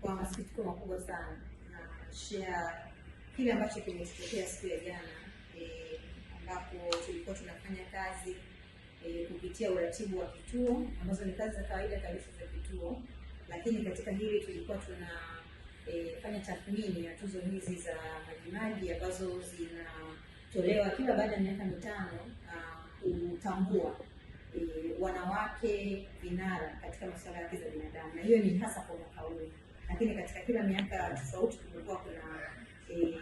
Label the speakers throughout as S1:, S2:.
S1: kwa masikitiko makubwa sana na share kile ambacho kimetokea siku ya jana e, ambapo tulikuwa tunafanya kazi e, kupitia uratibu wa kituo ambazo ni kazi za kawaida kabisa za kituo, lakini katika hili tulikuwa tuna e, fanya tathmini ya tuzo hizi za Majimaji ambazo zinatolewa kila baada ya miaka mitano kutambua e, wanawake vinara katika masuala ya haki za binadamu, na hiyo ni hasa kwa mwaka huu lakini katika kila miaka tofauti kumekuwa kuna e,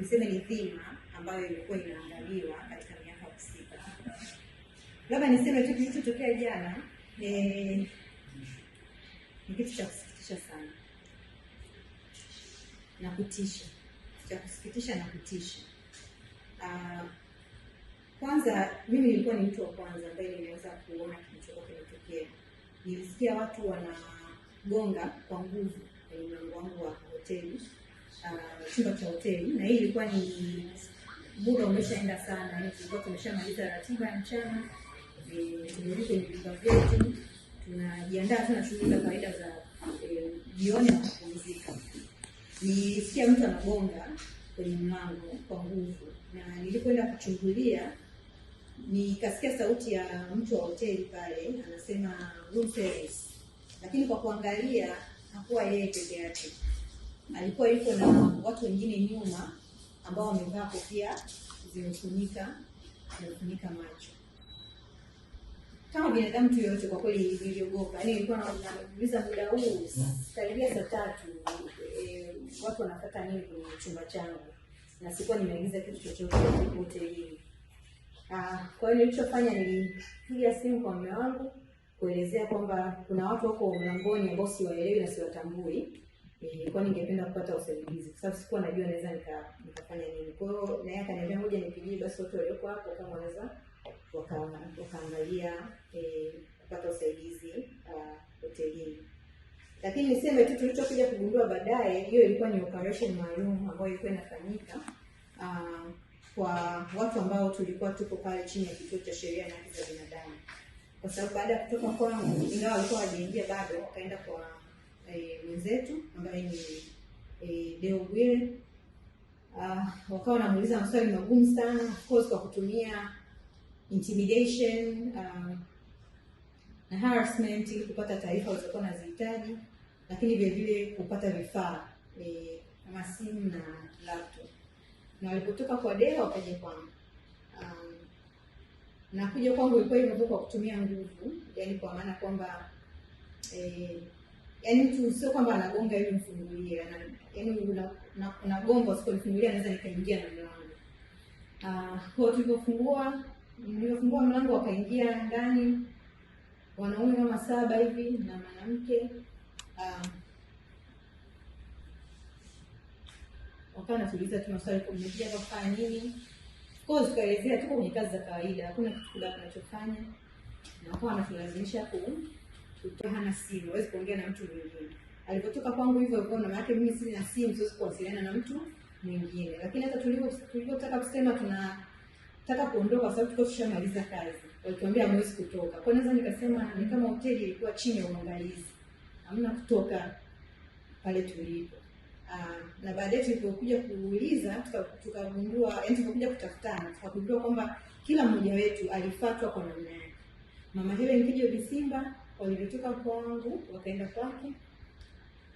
S1: niseme ni dhima ambayo ilikuwa inaangaliwa katika miaka husika. Labda niseme tu kilichotokea jana e, ni kitu cha kusikitisha sana na kutisha, cha kusikitisha na kutisha. kwanza mimi nilikuwa ni mtu wa kwanza ambaye nimeweza kuona kilichokuwa kinatokea. Nilisikia watu wanagonga kwa nguvu mdau eh, wangu wa hoteli, uh, chumba cha hoteli, na hii ilikuwa ni muda umeshaenda sana, yaani tulikuwa tumeshamaliza ratiba ya mchana, eh, tumerudi kwenye vyumba vyetu, tunajiandaa tena shughuli za kawaida za eh, jioni na kupumzika. Nilisikia mtu anagonga kwenye mlango kwa nguvu, na nilipoenda kuchungulia nikasikia sauti ya mtu wa hoteli pale anasema room service, lakini kwa kuangalia hakuwa yeye peke yake, alikuwa yuko na watu wengine nyuma ambao wamevaa kofia zimefunika zimefunika macho kama binadamu tu yoyote. Kwa kweli niliogopa, yani nilikuwa nauliza muda huu karibia saa tatu e, watu wanapata nini kwenye chumba changu, na sikuwa nimeagiza kitu chochote hotelini. Ah, kwa hiyo nilichofanya nilipiga simu kwa mume wangu kuelezea kwamba kuna watu wako mlangoni ambao siwaelewi na siwatambui, eh, nilikuwa ningependa kupata usaidizi kwa sababu sikuwa najua naweza nikafanya nini. Kwa hiyo naye akaniambia ngoja nipigie basi watu walioko hapo kama wanaweza wakaangalia e, kupata usaidizi ah, hotelini. Lakini niseme tu tulichokuja kugundua baadaye, hiyo ilikuwa ni operation maalum ambayo ilikuwa inafanyika ah, kwa watu ambao tulikuwa tuko pale chini ya kituo cha sheria na haki za binadamu kwa sababu baada ya kutoka kwangu, ingawa walikuwa wajaingia bado, wakaenda kwa mwenzetu eh, ambaye ni e, eh, Deo Bwire. Uh, ah, wakawa wanamuuliza maswali magumu sana, of course kwa kutumia intimidation uh, na harassment ili kupata taarifa walizokuwa wanazihitaji, lakini vile vile kupata vifaa eh, kama e, simu na laptop, na walipotoka kwa Deo wakaja kwangu na kuja kwangu ilikuwa hivyo kwa kutumia nguvu, yani kwa maana kwamba eh, yani mtu sio kwamba anagonga ili mfungulie, yani unagonga usipolifungulia naweza nikaingia na mlango ah. Kwa tulivyofungua nilivyofungua mlango wakaingia ndani wanaume kama saba hivi na mwanamke ah, wakawa natuliza tu maswali, mmekuja kufanya nini? Of course tukaelezea tuko kwenye kazi za kawaida, hakuna kitu kula kinachofanya na kwa anatulazimisha ku hana simu, hawezi kuongea na mtu mwingine. Alipotoka kwangu hivyo hivyo, na maana mimi sina simu, siwezi kuwasiliana na mtu mwingine. Lakini hata tulipo tulipotaka kusema tunataka kuondoka, kwa sababu tuko tushamaliza kazi, walituambia hamwezi kutoka. Kwa naweza nikasema ni kama hoteli ilikuwa chini ya uangalizi, hamna kutoka pale tulipo. Uh, na baadaye tulipokuja kuuliza tukagundua yani tulipokuja kutafutana tukagundua kwamba kila mmoja wetu alifatwa kwa namna yake. Mama Helen Kijo Bisimba walivyotoka mkoa wangu wakaenda kwake,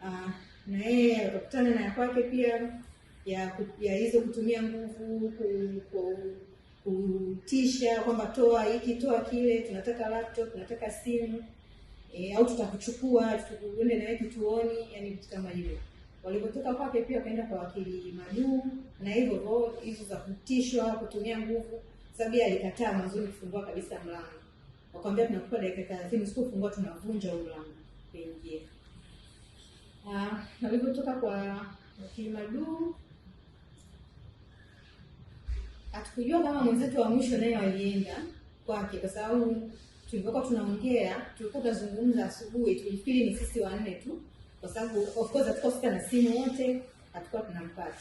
S1: uh, na yeye wakakutana na ya kwake pia ya ya hizo kutumia nguvu kutisha kwamba toa hiki toa kile, tunataka laptop, tunataka simu e, au tutakuchukua tuende nawe kituoni, yani vitu kama hivyo. Walipotoka kwake pia wakaenda kwa wakili Maduu, na hivyo hizo za kutishwa, kutumia nguvu, sababu alikataa mazuri kufungua kabisa mlango. Wakamwambia tunakupa dakika 30, usipofungua tunavunja huo mlango kuingia. Ah, walipotoka kwa wakili Maduu hatukujua kama mwenzetu wa mwisho naye walienda kwake, kwa sababu tulivyokuwa tunaongea, tulikuwa tunazungumza asubuhi, tulifikiri ni sisi wanne tu kwa sababu of course hatukuwa na simu wote, atakuwa tunampata,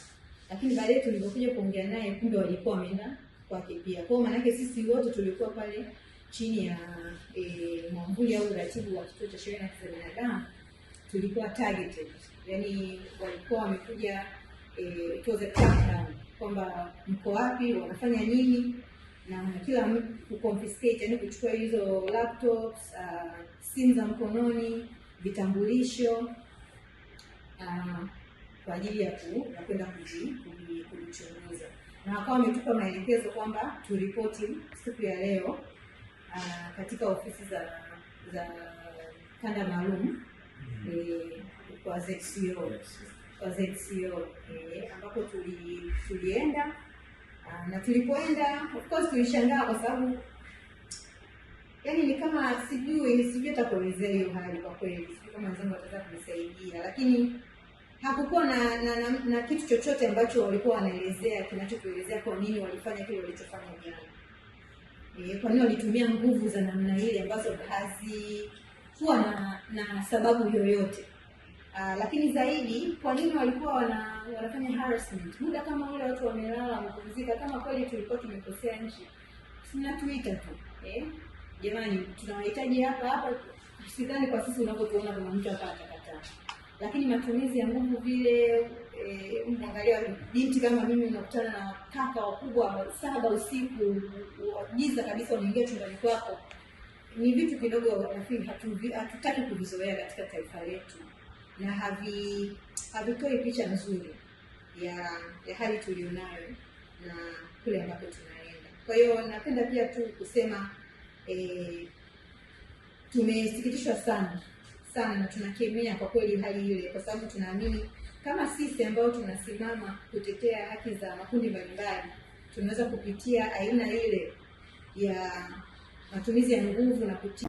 S1: lakini baadaye tulipokuja kuongea naye, kumbe walikuwa wameenda kwake pia. Kwa maana yake sisi wote tulikuwa pale chini ya e, mwambuli au uratibu wa kituo cha sheria na haki za binadamu, tulikuwa targeted, yani walikuwa wamekuja e, it was a crackdown kwamba mko wapi, wanafanya nini na kila mtu confiscate, yani kuchukua hizo laptops, uh, simu za mkononi, vitambulisho kwa ajili ya kwenda kulichunguza, na wakawa wametupa maelekezo kwamba turipoti siku ya leo ah, katika ofisi za za kanda maalum mm-hmm. eh, kwa ZCO kwa ZCO eh, ambapo tuli, tulienda ah, na tulipoenda of course tulishangaa kwa sababu yani ni kama sijui sijui hata hiyo hali kwa kweli, sijui kama wenzangu wataweza kunisaidia, lakini hakukuwa na na, na na kitu chochote ambacho walikuwa wanaelezea kinachokuelezea kwa nini walifanya kile walichofanya jana, e, kwa nini walitumia nguvu za namna ile ambazo hazikuwa na na sababu yoyote. Aa, ah, lakini zaidi kwa nini walikuwa wana, wanafanya harassment muda kama ule watu wamelala wamepumzika. Kama kweli tulikuwa tumekosea nchi, tunatuita tu eh? jamani, tunawahitaji hapa hapa. Sidhani kwa sisi unavyotuona kuna mtu hapa atakataa, lakini matumizi ya nguvu vile E, eh, mwangalia binti kama mimi unakutana na kaka wakubwa saba usiku, giza kabisa, unaingia chumbani kwako. Ni vitu kidogo nafikiri hatutaki kuvizoea katika taifa letu, na havi havitoi picha nzuri ya ya hali tulionayo na kule ambapo tunaenda. Kwa hiyo napenda pia tu kusema E, tumesikitishwa sana sana na tunakemea kwa kweli hali ile, kwa sababu tunaamini kama sisi ambao tunasimama kutetea haki za makundi mbalimbali tunaweza kupitia aina ile ya matumizi ya nguvu na kutia